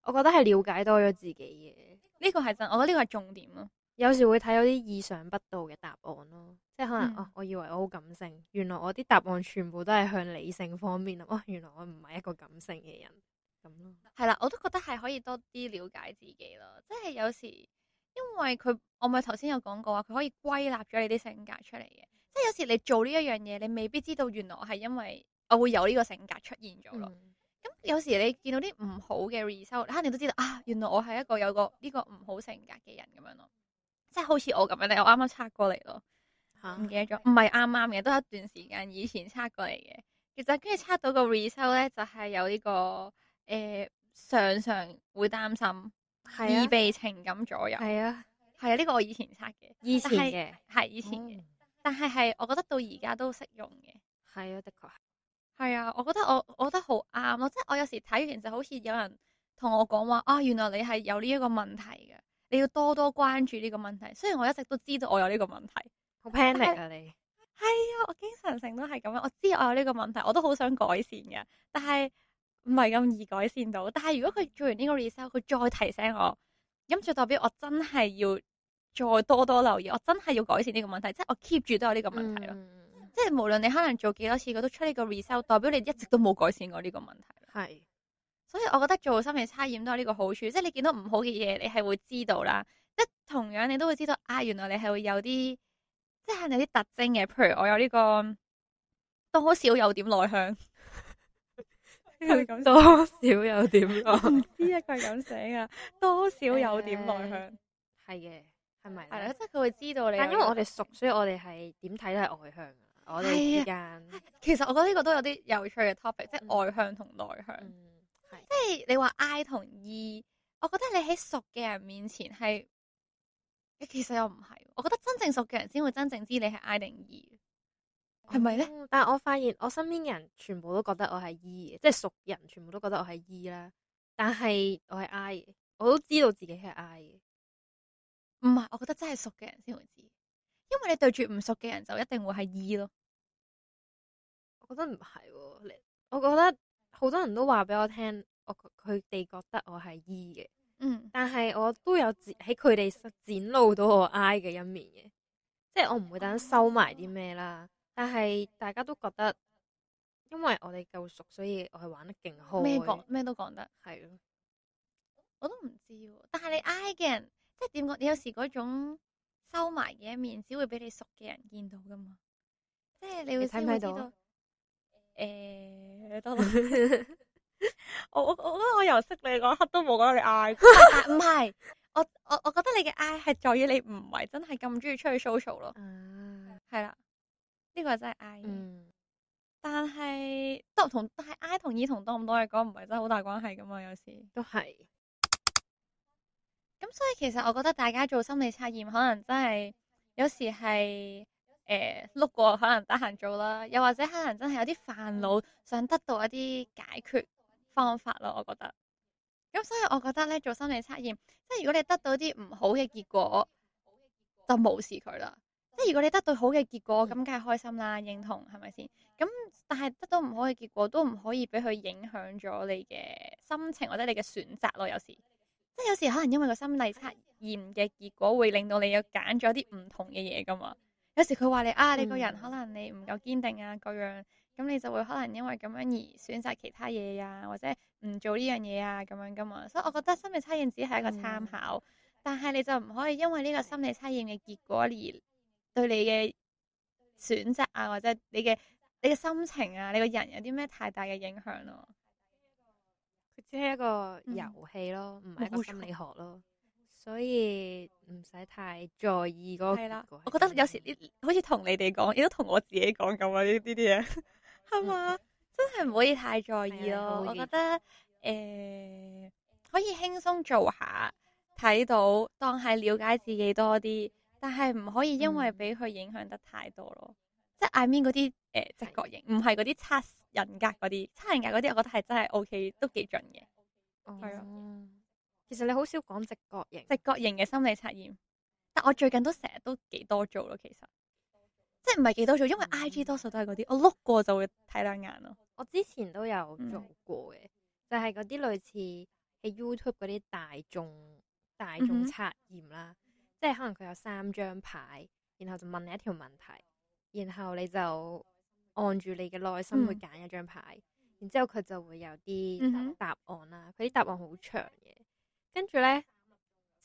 我覺得係了解多咗自己嘅呢個係真，我覺得呢個係重點咯。有時會睇有啲意想不到嘅答案咯，即係可能、嗯、哦，我以為我好感性，原來我啲答案全部都係向理性方面哦，原來我唔係一個感性嘅人。係啦，我都覺得係可以多啲了解自己咯。即係有時，因為佢，我咪頭先有講過話，佢可以歸納咗你啲性格出嚟嘅。即係有時你做呢一樣嘢，你未必知道原來我係因為我會有呢個性格出現咗咯。咁、嗯、有時你見到啲唔好嘅 r e s 回 l 吓你都知道啊，原來我係一個有一個呢個唔好性格嘅人咁樣咯。即係好似我咁樣，我啱啱測過嚟咯，唔、啊、記得咗，唔係啱啱嘅，都係一段時間以前測過嚟嘅。其實跟住測到個 l 收咧，就係、是、有呢、這個。誒，常常、呃、會擔心，易、啊、被情感左右。係啊，係啊，呢、這個我以前測嘅，以前嘅，係是、嗯、以前嘅。但係系，我覺得到而家都適用嘅。係啊，的確係。係啊，我覺得我我覺得好啱咯。即、就、係、是、我有時睇完就好似有人同我講話啊，原來你係有呢一個問題嘅，你要多多關注呢個問題。雖然我一直都知道我有呢個問題，好 panic 啊是你。係啊，我經常性都係咁樣。我知我有呢個問題，我都好想改善嘅，但係。唔係咁易改善到，但係如果佢做完呢個 result，佢再提醒我，咁就代表我真係要再多多留意，我真係要改善呢個問題，即係我 keep 住都有呢個問題咯。嗯、即係無論你可能做幾多次，佢都出呢個 result，代表你一直都冇改善過呢個問題。係是，所以我覺得做心理測驗都有呢個好處，即係你見到唔好嘅嘢，你係會知道啦。即同樣你都會知道，啊，原來你係會有啲，即係有啲特徵嘅，譬如我有呢、這個，都好少有點內向。佢哋多少有點 我唔知啊，佢係咁寫啊，多少有點內向，係嘅、嗯，係咪？係啦，即係佢會知道你，但因為我哋熟，所以我哋係點睇都係外向。我哋之間，其實我覺得呢個都有啲有趣嘅 topic，、嗯、即係外向同內向。係、嗯。即係你話 I 同 E，我覺得你喺熟嘅人面前係，誒，其實又唔係。我覺得真正熟嘅人先會真正知你係 I 定 E。係咪咧？但係我發現我身邊嘅人全部都覺得我係 E，、嘅、即係熟人全部都覺得我係 E 啦。但係我係 I，我都知道自己係 I 嘅。唔係，我覺得真係熟嘅人先會知，因為你對住唔熟嘅人就一定會係 E 咯、嗯哦。我覺得唔係，你，我覺得好多人都話俾我聽，我佢哋覺得我係 E 嘅。嗯，但係我都有喺佢哋展露到我 I 嘅一面嘅，即係我唔會等收埋啲咩啦。但係大家都覺得，因為我哋夠熟，所以我係玩得勁好。咩講咩都講得。係咯，我都唔知、啊。但係你嗌嘅人，即係點講？你有時嗰種收埋嘅一面，只會俾你熟嘅人見到㗎嘛。即係你會睇唔睇到？誒、欸，得啦。 我我我覺得我由識你，你， 我嗰刻都冇講你嗌。唔係，我我我覺得你嘅嗌係在於你唔係真係咁中意出去 social 咯。係啦、嗯。呢個真係 I，、嗯、但係都同但係 I 同 E 同多唔多嘅講唔係真係好大關係噶嘛？有時都係是，咁所以其實我覺得大家做心理測驗，可能真係有時係誒碌過，可能得閒做啦，又或者可能真係有啲煩惱，嗯、想得到一啲解決方法咯。我覺得，咁所以我覺得咧，做心理測驗，即係如果你得到啲唔好嘅結果，就冇視佢啦。即係如果你得到好嘅結果，咁梗係開心啦，認同係咪先？咁但係得到唔好嘅結果，都唔可以俾佢影響咗你嘅心情或者你嘅選擇咯。有時即係有時可能因為個心理測驗嘅結果會令到你有揀咗啲唔同嘅嘢噶嘛。有時佢話你啊，你個人可能你唔夠堅定啊，各、嗯、樣咁你就會可能因為咁樣而選擇其他嘢啊，或者唔做呢樣嘢啊，咁樣噶嘛。所以我覺得心理測驗只係一個參考，嗯、但係你就唔可以因為呢個心理測驗嘅結果而。對你嘅選擇啊，或者你嘅你嘅心情啊，你個人有啲咩太大嘅影響咯？佢只係一個遊戲咯，唔係一個心理學咯，嗯嗯、所以唔使太在意嗰個意。係啦，我覺得有時好似同你哋講，亦都同我自己講咁啊，呢啲啲嘢係嘛， 吧嗯、真係唔可以太在意咯。對我覺得誒、嗯欸，可以輕鬆做下，睇到當係了解自己多啲。但係唔可以因為俾佢影響得太多咯，即係 I mean 嗰啲誒直覺型，唔係嗰啲測人格嗰啲，測人格嗰啲我覺得係真係 O K，都幾準嘅，係啊、oh, 的。其實你好少講直覺型，直覺型嘅心理測驗，但我最近都成日都幾多做咯，其實，即係唔係幾多做，因為 I G 多數都係嗰啲，嗯、我碌過就會睇兩眼咯。我之前都有做過嘅，嗯、就係嗰啲類似喺 YouTube 嗰啲大眾大眾測驗啦。嗯即係可能佢有三張牌，然後就問你一條問題，然後你就按住你嘅內心去揀一張牌，嗯、然之後佢就會有啲答、嗯、哼答案啦。佢啲答案好長嘅，跟住咧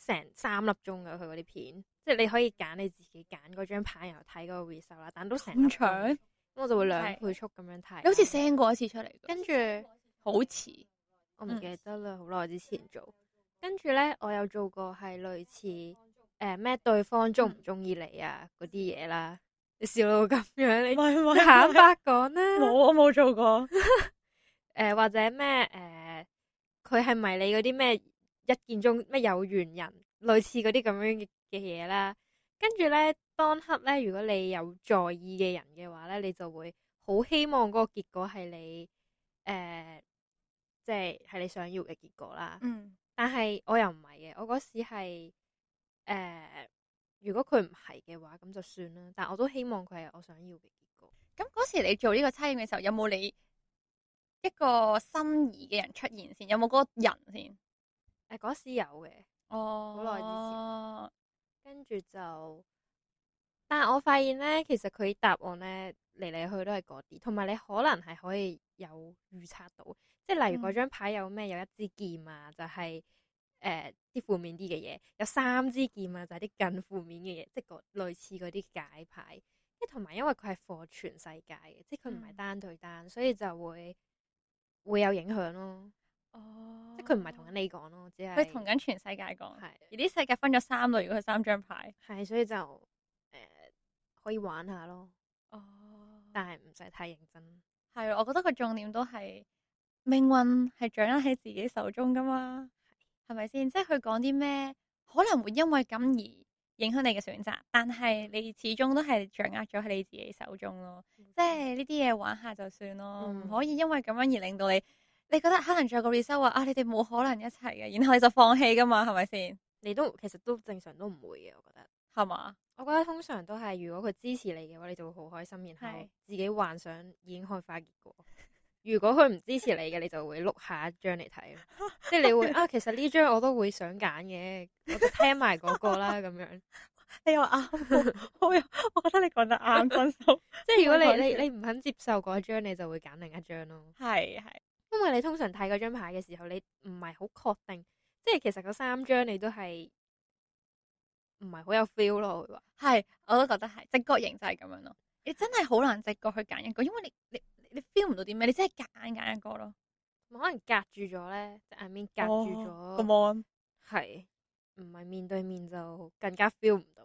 成三粒鐘嘅佢嗰啲片，即係你可以揀你自己揀嗰張牌，然後睇嗰個 result 啦。但都成長咁，我就會兩倍速咁樣睇是。看 你好似 send 過一次出嚟，跟住好似我唔記得啦，好耐之前做。跟住咧，我有做過係類似。誒，咩、呃、對方中唔中意你啊？嗰啲嘢啦，你笑到咁樣，是你坦白講啦。冇，我冇做過。誒、 呃，或者咩？誒、呃，佢係咪你嗰啲咩一見中咩有緣人？類似嗰啲咁樣嘅嘢啦。跟住咧，當刻咧，如果你有在意嘅人嘅話咧，你就會好希望嗰個結果係你誒，即係係你想要嘅結果啦。嗯。但係我又唔係嘅，我嗰時係。誒，如果佢唔係嘅話，咁就算啦。但係我都希望佢係我想要嘅結果。咁嗰時你做呢個測驗嘅時候，有冇你一個心儀嘅人出現先？有冇嗰個人先？誒、啊，嗰時有嘅，哦，好耐之前。跟住就，但係我發現咧，其實佢答案咧嚟嚟去去都係嗰啲，同埋你可能係可以有預測到，即係例如嗰張牌有咩？嗯、有一支劍啊，就係、是。誒，啲負、uh, 面啲嘅嘢，有三支劍啊，就係啲更負面嘅嘢，即係類似嗰啲解牌，即係同埋因為佢係 for 全世界嘅，即係佢唔係單對單，嗯、所以就會會有影響咯。哦，即係佢唔係同緊你講咯，只係佢同緊全世界講，係是而啲世界分咗三類，如果係三張牌，係所以就誒、uh, 可以玩下咯。哦，但係唔使太認真。係，我覺得個重點都係命運係掌握喺自己手中噶嘛。係咪先？即係佢講啲咩，可能會因為咁而影響你嘅選擇，但係你始終都係掌握咗喺你自己手中咯。嗯、即係呢啲嘢玩下就算咯，唔、嗯、可以因為咁樣而令到你，你覺得可能再個 research 話啊，你哋冇可能一齊嘅，然後你就放棄噶嘛？係咪先？你都其實都正常都唔會嘅，我覺得係嘛？吧我覺得通常都係如果佢支持你嘅話，你就會好開心，然後自己幻想已經開花結果。如果佢唔支持你嘅，你就會碌下一張嚟睇，即係你會 啊，其實呢張我都會想揀嘅，我都聽埋嗰個啦，咁樣你又啱，我又覺得你講得啱，分手。即係如果你 你你唔肯接受嗰張，你就會揀另一張咯。係係，因為你通常睇嗰張牌嘅時候，你唔係好確定，即係其實嗰三張你都係唔係好有 feel 咯。我會話係，我都覺得係直覺型就係咁樣咯。你真係好難直覺去揀一個，因為你你。你你 feel 唔到啲咩？你真係硬揀一個咯，可能隔住咗咧，就係面隔住咗個 mon。Come on，係唔係面對面就更加 feel 唔到？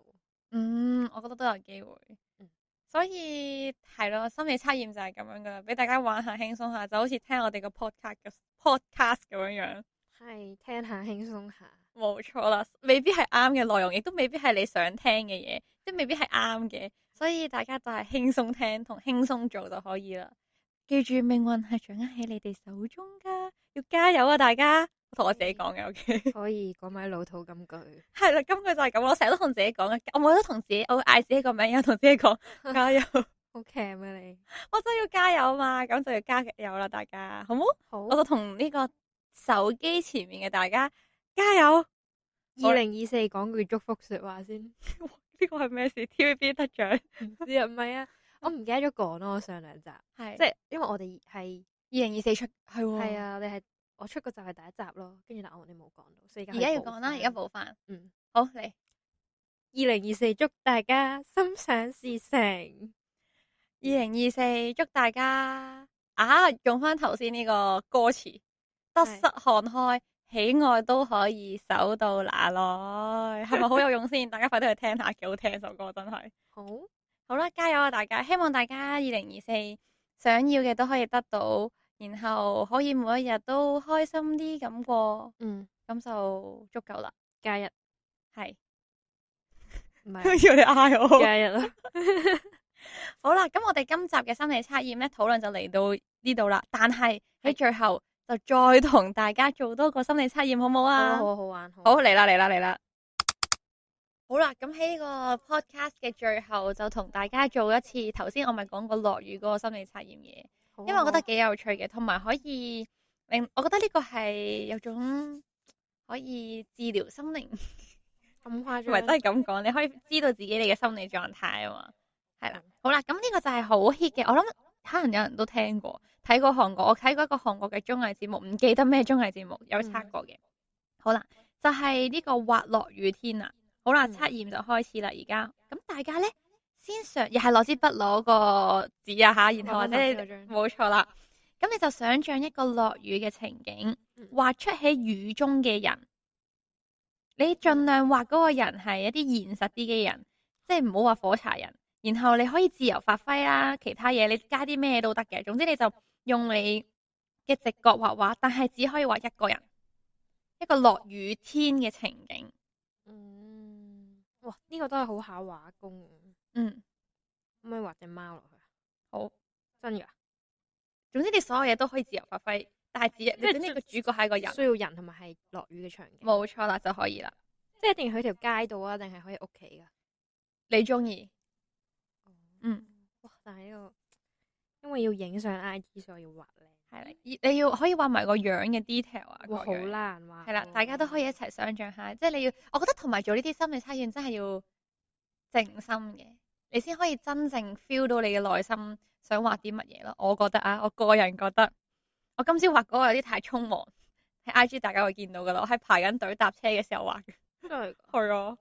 嗯，我覺得都有機會。嗯，所以係咯，心理測驗就係咁樣噶啦，俾大家玩下輕鬆下，就好似聽我哋個 podcast 嘅 podcast 咁樣樣。係聽下輕鬆下。冇錯啦，未必係啱嘅內容，亦都未必係你想聽嘅嘢，即未必係啱嘅，所以大家就係輕鬆聽同輕鬆做就可以啦。記住命運係掌握喺你哋手中噶，要加油啊！大家，我同我自己講嘅，OK 可以講埋 okay? 老土金句。係啦， 金句就係咁，我成日都同自己講啊，我每日都同自己，我嗌自己個名，有同自己講加油。好強啊你！我真係要加油啊嘛，咁就要加油啦，大家好唔好？好，我就同呢個手機前面嘅大家加油。二零二四講句祝福說話先，呢個係咩事？TVB 得獎？唔係 啊。我唔記得咗講咯，上兩集係即係，是因為我哋係二零二四出係係啊,啊，我哋係我出嗰集係第一集咯，跟住但係我哋冇講到，所以而家要講啦，而家補翻。嗯，好嚟，二零二四祝大家心想事成，二零二四祝大家啊，用翻頭先呢個歌詞，得失看開，喜愛都可以守到哪耐，係咪好有用先？大家快啲去聽下，幾好聽首歌，真係好。好啦，加油啊，大家！希望大家二零二四想要嘅都可以得到，然後可以每一日都開心啲咁過，嗯，咁就足夠啦。加一，係唔係叫你嗌我？加一啦！好啦，咁我哋今集嘅心理測驗咧，討論就嚟到呢度啦。但係喺最後就再同大家做多個心理測驗，好唔好啊？好好、啊、好玩。好嚟啦嚟啦嚟啦！好啦，咁喺呢個 podcast 嘅最後就同大家做一次頭先我咪講過落雨嗰個心理測驗嘅，啊、因為我覺得幾有趣嘅，同埋可以令我覺得呢個係有種可以治療心靈，咁誇張，唔係都係咁講，你可以知道自己你嘅心理狀態啊嘛。係啦，好啦，咁呢個就係好 hit 嘅。我諗可能有人都聽過睇過韓國，我睇過一個韓國嘅綜藝節目，唔記得咩綜藝節目有測過嘅。嗯、好啦，就係、是、呢個滑落雨天啊。好啦，測驗就開始啦，而家咁大家咧先上，又係攞支筆攞個紙啊吓，然後或者冇錯啦。咁你就想象一個落雨嘅情景，畫出喺雨中嘅人。你盡量畫嗰個人係一啲現實啲嘅人，即係唔好話火柴人。然後你可以自由發揮啦，其他嘢你加啲咩都得嘅。總之你就用你嘅直覺畫畫，但係只可以畫一個人，一個落雨天嘅情景。哇，呢、這個都係好考畫功。嗯，可唔可以畫隻貓落去啊？好，真噶弱？總之你所有嘢都可以自由發揮，但係只的你呢個主角係一個人，需要人同埋係落雨嘅場景。冇錯啦，就可以啦。即係一定要去條街度啊，定係可以屋企噶？你中意？嗯。哇，但係呢、這個因為要影相 IG，所以要畫靚。係，你要可以畫埋個樣嘅 detail 啊，好難畫！係啦的，大家都可以一齊想象下，即係你要，我覺得同埋做呢啲心理測驗真係要靜心嘅，你先可以真正 feel 到你嘅內心想畫啲乜嘢咯。我覺得啊，我個人覺得，我今朝畫嗰個有啲太匆忙，喺 IG 大家會見到噶啦，我喺排緊隊搭車嘅時候畫嘅，真係啊，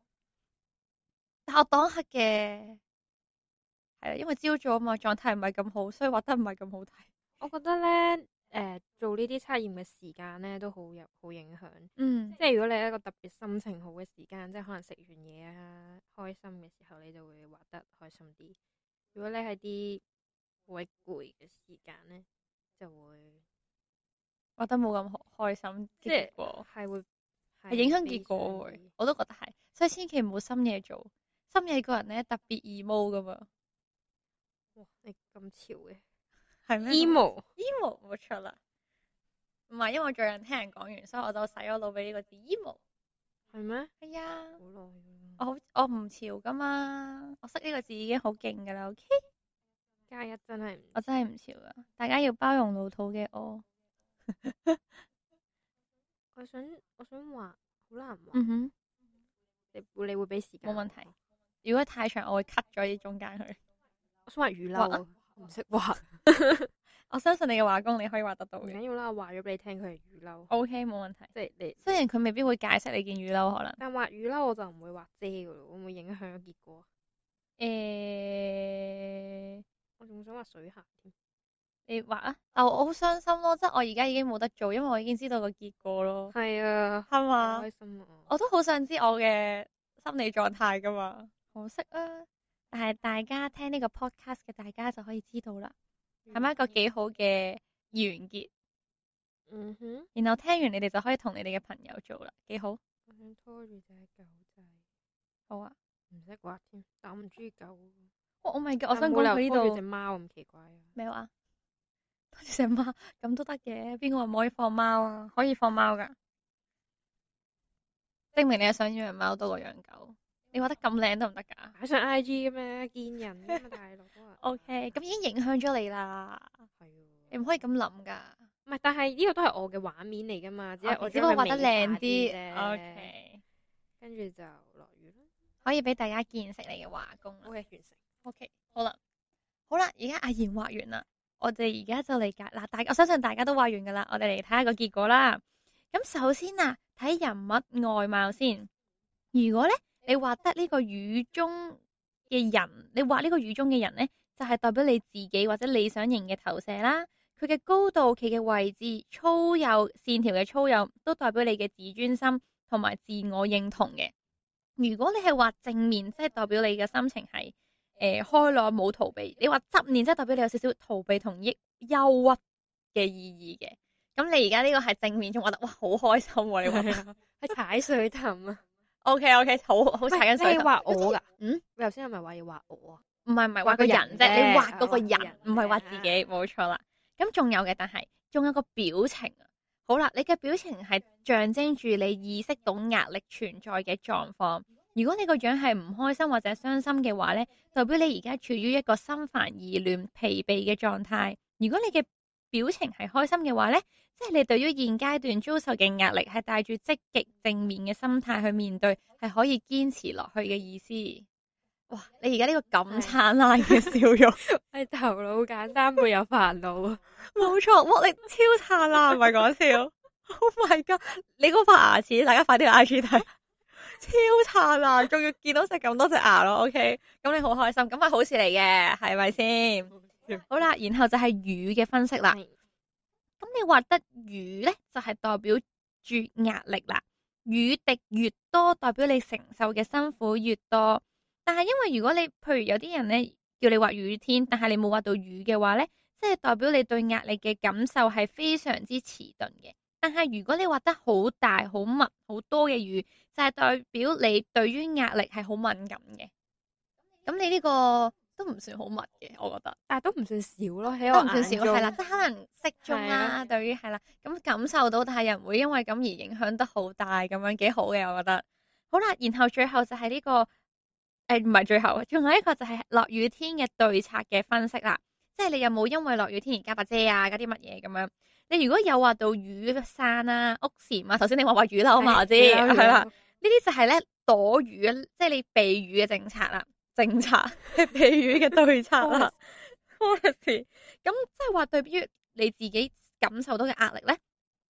但係我當刻嘅，係啊，因為朝早啊嘛，狀態唔係咁好，所以畫得唔係咁好睇。我覺得咧，誒、呃，做測驗呢啲測驗嘅時間咧，都好有好影響。嗯，即係如果你喺一個特別心情好嘅時間，即係可能食完嘢啊，開心嘅時候，你就會畫得開心啲。如果你喺啲好攰嘅時間咧，就會畫得冇咁開心，即係係會是影響結果會，我都覺得係，所以千祈唔好深夜做。深夜個人咧特別易毛噶嘛。哇，你咁潮嘅！係咩？emo，emo 冇錯啦，唔係因為我最近聽人講完，所以我就洗咗腦俾呢個字 emo，係咩？係、e 嗎哎、呀，好耐啦。我好我唔潮噶嘛，我識呢個字已經好勁噶啦。O K，加一真係，我真係唔潮啊！大家要包容老土嘅哦 我！我想我想話好難話，嗯哼，你你會俾時間冇問題。嗯、哼如果太長我會 cut 咗啲中間去。我想話雨樓。哇啊唔識畫，不畫 我相信你嘅畫功你可以畫得到。唔緊要啦，我話咗俾你聽，佢係雨褸。O K，冇問題。即係你，雖然佢未必會解釋你件雨褸可能。但畫雨褸我就唔會畫遮噶咯，會唔會影響咗結果？誒、欸哦，我仲想畫水鞋添。你畫啊？啊，我好傷心咯，即係我而家已經冇得做，因為我已經知道個結果咯。係啊，係吧嘛？開心我都好想知我嘅心理狀態噶嘛。可惜啊。但係大家聽呢個 podcast 嘅大家就可以知道啦，係咪、mm hmm. 一個幾好嘅完結。嗯哼、mm，hmm. 然後聽完你哋就可以同你哋嘅朋友做啦，幾好。我想拖住隻狗仔。好啊，唔識畫添，但我唔中意狗。哇，我咪係、哦 oh、我想講佢呢度。叫隻貓咁奇怪啊？咩話、啊？拖住隻貓咁都得嘅，邊個話唔可以放貓啊？可以放貓噶，證明你係想養貓多過養狗。你畫得咁靚得唔得噶？擺上 IG 嘅咩？見人啊，大陸哥啊。O K，咁已經影響咗你啦。係、啊。你唔可以咁諗噶。唔係，但係呢個都係我嘅畫面嚟噶嘛，只係、啊、我只不過畫得靚啲。O K、啊。跟住就落雨啦。可以俾大家見識你嘅畫功。O K，完成。O K，好啦，好啦，而家阿賢畫完啦，我哋而家就嚟解嗱，大、啊、我相信大家都畫完噶啦，我哋嚟睇下個結果啦。咁首先啊，睇人物外貌先。如果咧？你畫得呢個雨中嘅人，你畫呢個雨中嘅人呢，就係代表你自己或者理想型嘅投射啦。佢嘅高度、佢嘅位置、粗幼線條嘅粗幼，都代表你嘅自尊心同埋自我認同嘅。如果你係畫正面，即係代表你嘅心情係誒開朗，冇逃避；你畫側面，即係代表你有少少逃避同憂鬱嘅意義嘅。咁你而家呢個係正面，仲畫得哇，好開心啊！你畫係 踩水氹。啊！O K O K，好好睇緊手。喂你畫我噶？嗯，你頭先係咪話要畫我啊？唔係唔係畫個人啫，你畫嗰個人，唔係畫自己，冇錯的啦。咁仲有嘅，但係仲有個表情啊。好啦，你嘅表情係象徵住你意識到壓力存在嘅狀況。如果你個樣係唔開心或者傷心嘅話咧，代表你而家處於一個心煩意亂、疲憊嘅狀態。如果你嘅表情係開心嘅話咧。即係你對於現階段遭受嘅壓力，係帶住積極正面嘅心態去面對，係可以堅持落去嘅意思。哇！你而家呢個咁燦爛嘅笑容，係 頭腦簡單， 沒有煩惱啊！冇錯，哇！你超燦爛，唔係講笑。 oh my god！你嗰塊牙齒，大家快啲去 I G 睇，超燦爛，仲要見到食咁多隻牙咯。OK，咁你好開心，咁咪好事嚟嘅，係咪先？ 好啦，然後就係魚嘅分析啦。咁你畫得雨呢，就係、是、代表住壓力啦。雨滴越多，代表你承受嘅辛苦越多。但係因為如果你，譬如有啲人呢，叫你畫雨天，但係你冇畫到雨嘅話呢，即、就、係、是、代表你對壓力嘅感受係非常之遲鈍嘅。但係如果你畫得好大、好密、好多嘅雨，就係、是、代表你對於壓力係好敏感嘅。咁你呢、這個？都唔算好密嘅，我覺得。但係都唔算少咯，喺我眼中。都唔算少，係啦，即係可能適中、啊啊、啦。對於係啦，咁感受到但係又唔會因為咁而影響得好大，咁樣幾好嘅，我覺得。好啦，然後最後就係呢、這個，誒唔係最後，仲有一個就係落雨天嘅對策嘅分析啦。即係你有冇因為落雨天而加把遮啊，加啲乜嘢咁樣？你如果有話到雨傘啦、屋檐啊，頭先你話話雨樓好嘛啲，係啦，呢啲就係咧躲雨，即、就、係、是、你避雨嘅政策啦。政策譬如嘅對策啦，咁即係話對於你自己感受到嘅壓力咧，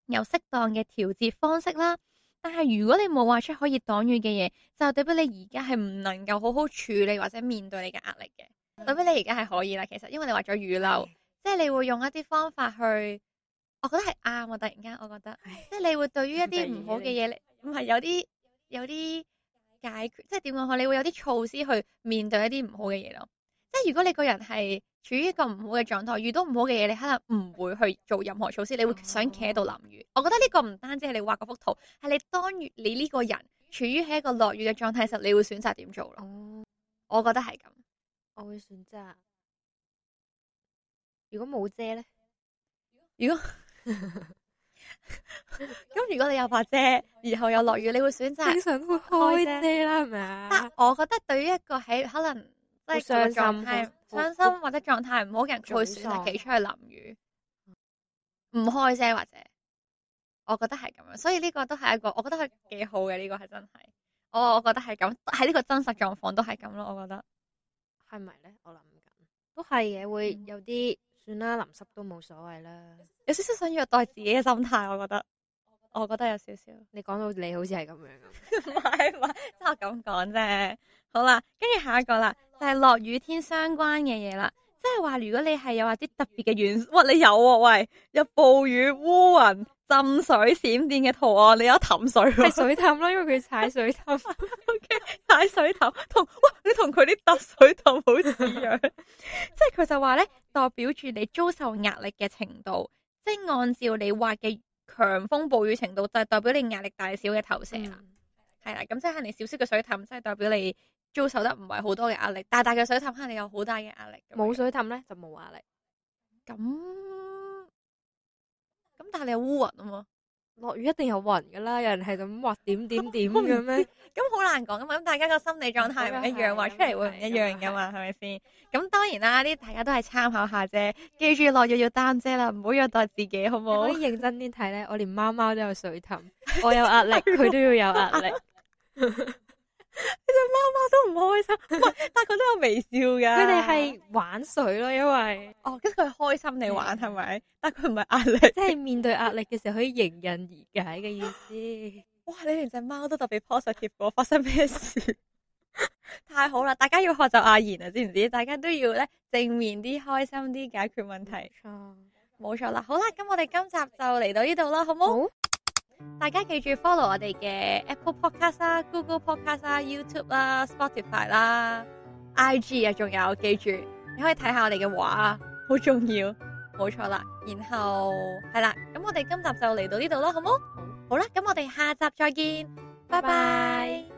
有適當嘅調節方式啦。但係如果你冇話出可以擋雨嘅嘢，就代表你而家係唔能夠好好處理或者面對你嘅壓力嘅。嗯、代表你而家係可以啦，其實因為你話咗雨褸，嗯、即係你會用一啲方法去，我覺得係啱啊！我突然間，我覺得唉即係你會對於一啲唔好嘅嘢，唔係、嗯、有啲有啲。有解決即係點講嗬？你會有啲措施去面對一啲唔好嘅嘢咯。即係如果你個人係處於一個唔好嘅狀態，遇到唔好嘅嘢，你可能唔會去做任何措施，你會想企喺度淋雨。哦、我覺得呢個唔單止係你畫嗰幅圖，係你當你呢個人處於喺一個落雨嘅狀態時候，你會選擇點做咯？哦、我覺得係咁，我會選擇。如果冇遮呢？如果。 咁 如果你有把遮，然後又落雨，你會選擇正常都會開遮啦，係咪啊？但我覺得對於一個喺可能傷心、傷很心或者狀態唔好嘅人，佢會選擇企出去淋雨，唔開遮或者，我覺得係咁樣。所以呢個都係一個，我覺得係幾好嘅。呢、呢個係真係，我我覺得係咁喺呢個真實狀況都係咁咯。我覺得係咪咧？我諗緊都係嘅，會有啲。算啦，淋濕都冇所謂啦。有少少想虐待自己嘅心態，我覺得，我覺得有少少。你講到你好似係咁樣咁，唔係唔係，都係咁講啫。好啦，跟住下一個啦，就係落雨天相關嘅嘢啦。即係話如果你係有話啲特別嘅元素，喂，你有啊，喂，有暴雨烏雲。浸水閃電嘅圖案、啊，你有一氹水、啊？係、 okay，水氹咯，因為佢踩水氹。O K，踩水氹同哇，你同佢啲踏水氹好似樣！ 即係佢就話咧，代表住你遭受壓力嘅程度，即係按照你畫嘅強風暴雨程度，就代表你壓力大小嘅投射啦。係啦、嗯，咁即係你小小嘅水氹，即係代表你遭受得唔係好多嘅壓力；大大嘅水氹，肯定有好大嘅壓力。冇水氹咧，就冇壓力。咁。但係你有烏雲啊嘛，落雨一定有雲噶啦，有人係咁畫點點點咁樣咩？咁好 難講噶嘛，咁大家個心理狀態唔一樣，畫 出嚟會唔一樣噶嘛，係咪先？咁當然啦，啲大家都係參考下啫，記住落雨要擔遮啦，唔好虐待自己，好唔好？ 認真啲睇咧，我連貓貓都有水凼，我有壓力，佢 嗎都要有壓力。 一隻貓貓都唔開心，唔係，但係佢都有微笑嘅。佢哋係玩水咯，因為哦，跟佢係開心嚟玩，係咪的？但係佢唔係壓力，即係面對壓力嘅時候可以迎刃而解嘅意思。 哇！你連隻貓都特別 positive，喎，發生咩事？ 太好啦！大家要學習阿妍啊，知唔知？大家都要咧正面啲、開心啲，解決問題。冇錯錯啦，好啦，咁我哋今集就嚟到呢度啦，好唔好？大家記住 follow 我哋嘅 Apple Podcast 啦、啊、Google Podcast 啦、啊、YouTube 啦、啊、Spotify 啦、啊、IG 啊，仲有記住你可以睇下我哋嘅畫啊，好 重要，冇錯啦。然後係啦，咁我哋今集就嚟到呢度啦，好冇？好，好啦，咁我哋下集再見，拜拜。拜拜。